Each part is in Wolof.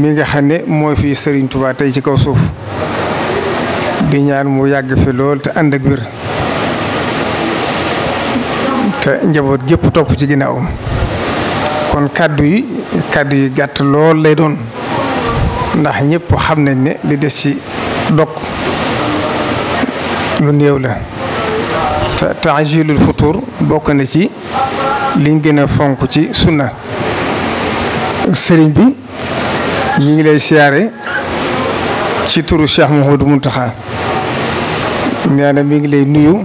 mi nga xam ne mooy fii sëriñ Touba tey ci kaw suuf di mu yàgg fi lool te ànd ak wér te njaboot gépp topp ci ginnaawam kon kàddu yi yi gàtt lool lay doon ndax ñëpp xam nañ ne li des ci dog lu néew la te taajilul futur bokk na ci liñ gën a fonk ci sunna sëriñ bi ñu ngi lay siyaare ci turu Cheikh Mouhamadou Mountakha nee na mi ngi lay nuyu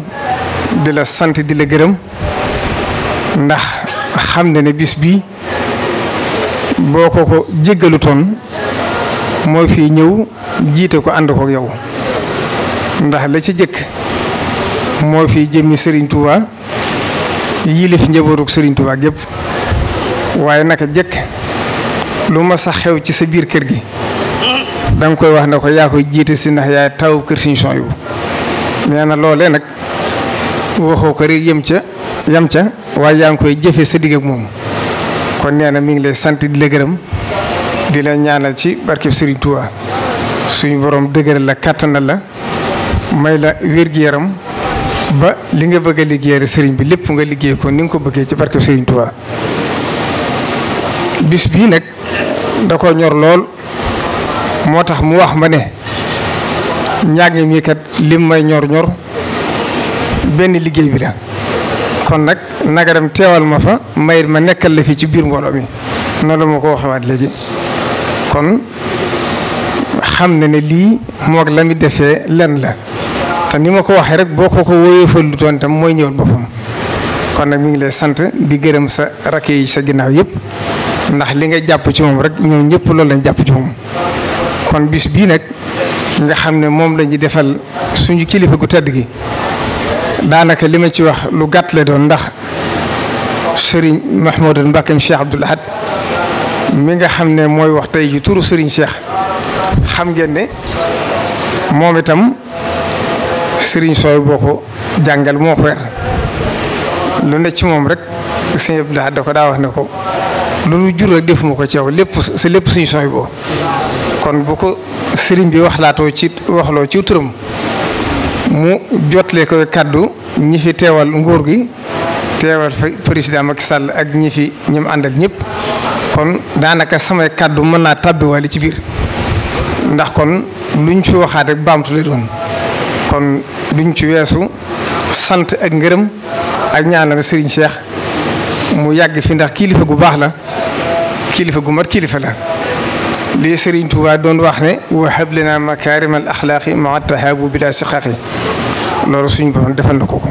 di la sant di la gërëm ndax xam na ne bis bi boo ko ko jéggalutoon moo fii ñëw jiite ko ànd ko yow ndax la ci jëkk mooy fii jëmmi Serigne Touba yilif njabootu Serigne Touba gépp waaye naka jëkk lu ma sax xew ci sa biir kër gi da koy wax ne ko yaa koy jiite si ndax yaay taw kër Sëriñ Souhaïbou nee na loolee nag waxoo ko rek yem ca yem ca waaye yaa ngi koy jëfe sa digg ak moom kon nee na mi ngi lay sant di la gërëm di la ñaanal ci barkeb Sëriñ Tuubaa suñu borom dëgëral la kàttanal la may la wér-gi-yaram ba li nga bëgg a liggéeyal sëriñ bi lépp nga liggéey ko ni nga ko bëggee ci barkeb Sëriñ Tuubaa bis bii nag da ko ñor lool moo tax mu wax ma ne njàng mi kat lim may ñor ñor benn liggéey bi la kon nag naga dem teewal ma fa may ma nekkal la fi ci biir mbooloo mi noonu la ma ko waxewaat léegi kon xam na ne lii moog la mi defee lenn la te ni ma ko waxee rek boo ko ko woyofal lu doon tam mooy ñëwal boppam kon nag mi ngi lay sant di gërëm sa rakk yi sa ginnaaw yépp ndax li nga jàpp ci moom rek ñoom ñëpp loolu lañ jàpp ci moom kon bis bii nag nga xam ne moom lañuy defal suñu kilifa gu tedd gi daanaka li ma ci wax lu gàtt la doon ndax sëriñ Mahmoudou Mbacké Cheikh Abdoul Ahad mi nga xam ne mooy wax tey ji turu sëriñ seex xam ngeen ne moom itam sëriñ sooy boo ko jàngal moo ko lu ne ci moom rek sëriñ Abdoul da ko daa wax ne ko loolu jur rek defuma ko ceew lépp sa lépp suñu sooy boo kon bu ko sëriñ bi waxlaatoo ci waxloo ci tëram mu jotle koy kàddu ñi fi teewal nguur gi teewal fa président Macky sàll ak ñi fi ñim àndal ñëpp kon daanaka samay kàddu mën naa tàbbiwaale ci biir ndax kon luñ ci waxaat rek baamtu doon kon duñ ci weesu sant ak ngërëm ak ñaanal Serigne Cheikh. mu yàgg fi ndax kilifa gu baax la kilifa gu mat kilifa la li Serigne Touba doon wax ne wahab lana makaarimal axlaaqi maa tahaabu bila siqaaqi loolu suñu borom defal na ko ko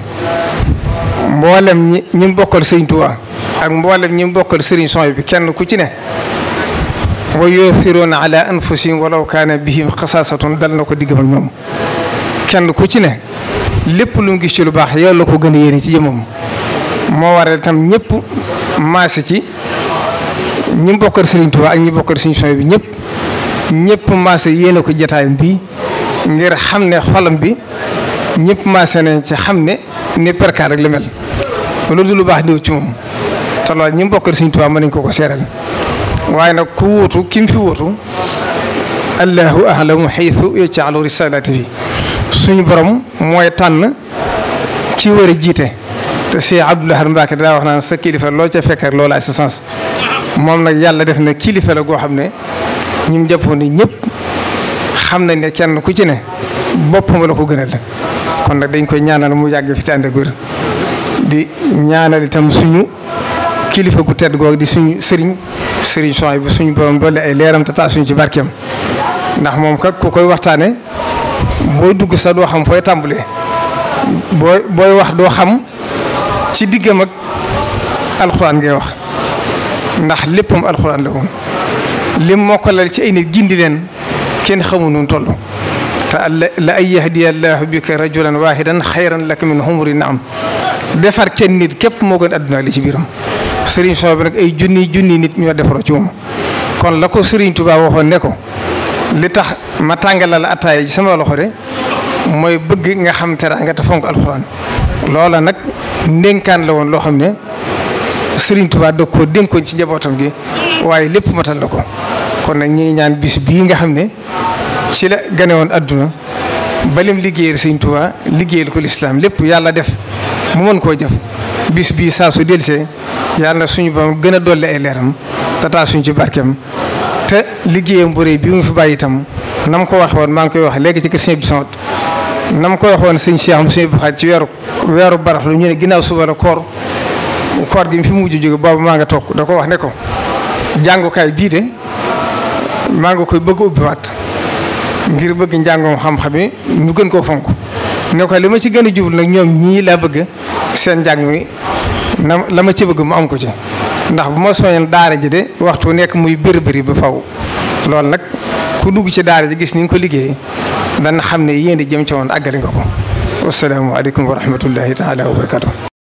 mboolem ñi ñi mu bokkal Serigne Touba ak mboolem ñi bokkal Serigne Sooy bi kenn ku ci ne wa yu'thiruuna ala anfusihim walaw kaana bihim xasaasatun dal na ko diggam ak ñoom kenn ku ci ne lépp lu mu gis ci lu baax yow la ko gën a yéene ci jëmmam moo waral itam ñëpp maase ci ñi bokkal Serigne Touba ak ñi bokkal Serigne Souhaïbou bi ñëpp ñëpp maase yéene ko jataayam bi ngir xam ne xolam bi ñëpp maase nañ ci xam ne ni perkaar rek mel loolu du lu baax ñëw ci moom te loolu ñi nañ ko waaye nag ku wuutu ki mu fi wuutu allahu ahlamu xaytu yajcalu risalaati fi suñu borom mooy tànn ci war a jiite te Cheikh Abdou Lahad Mbacké daa wax naan sa kilifa loo ca lool rek loola assistance moom nag yàlla def na kilifa la goo xam ne ñim jàppoon ni ñëpp xam nañ ne kenn ku ci ne boppam la ko gënal la kon nag dañ koy ñaanal mu yàgg fi te ànd di ñaanal itam suñu kilifa gu tedd googu di suñu sëriñ sëriñ soxna bi suñu borom doole ay leeram te taa suñu ci barkeem ndax moom kat ku koy waxtaane booy dugg sax doo xam fooy tàmbalee booy booy wax doo xam. ci diggam ak alxuraan ngay wax ndax léppam alxuraan la woon lim mokkalal ci ay nit gindi leen kenn xamu nu toll te la ay yahdiya allahu bika rajulan wahidan xayran laka min humri am defar kenn nit képp moo gën àdduna li ci biiram sëriñ soo bi nag ay junni junni nit ñoo defaroo ci moom kon la ko sëriñ Tuubaa waxoon ne ko li tax ma tàngalal ataaya ji sama loxo de mooy bëgg nga xam teraanga te fonk alxuraan loola nag ndénkaan la woon loo xam ne Serigne Touba da koo dénkoon ci njabootam gi waaye lépp matal na ko kon nag ñi ngi ñaan bis bii nga xam ne ci la gane woon adduna balim liggéeyal Serigne Touba liggéeyal ko lislaam lépp yàlla def mu mën koo jëf bis bii saa su delsee yàlla na suñu ba gën a dolli ay leeram tataa suñu ci barkeem te liggéeyam bu rëy bi mu fi bàyyi itam na ko wax woon maa ngi koy wax léegi ci kër Sëñ Abdou na ma ko waxoon sëñ Cheikh mu sëñ Buxaat ci weeru weeru barax lu ñu ne ginnaaw suba la koor koor gi fi mu mujj jóge boobu maa ngi toog da ko wax ne ko jàngukaay bii de maa ngi koy bëgg a ubbiwaat ngir bëgg njàngoom xam-xam yi ñu gën koo fonk ne ko li ma ci gën a jublu nag ñoom ñii laa bëgg seen njàng mi na la ma ci bëgg mu am ko ci ndax bu ma soñoon daara ji de waxtu nekk muy bëri bëri ba faw loolu nag ku dugg ci daara ji gis ni nga ko liggéey dana xam ne yéen di jëm ci woon àggali nga ko. asalaamaaleykum wa rahmatullahi taala wa barakaatu.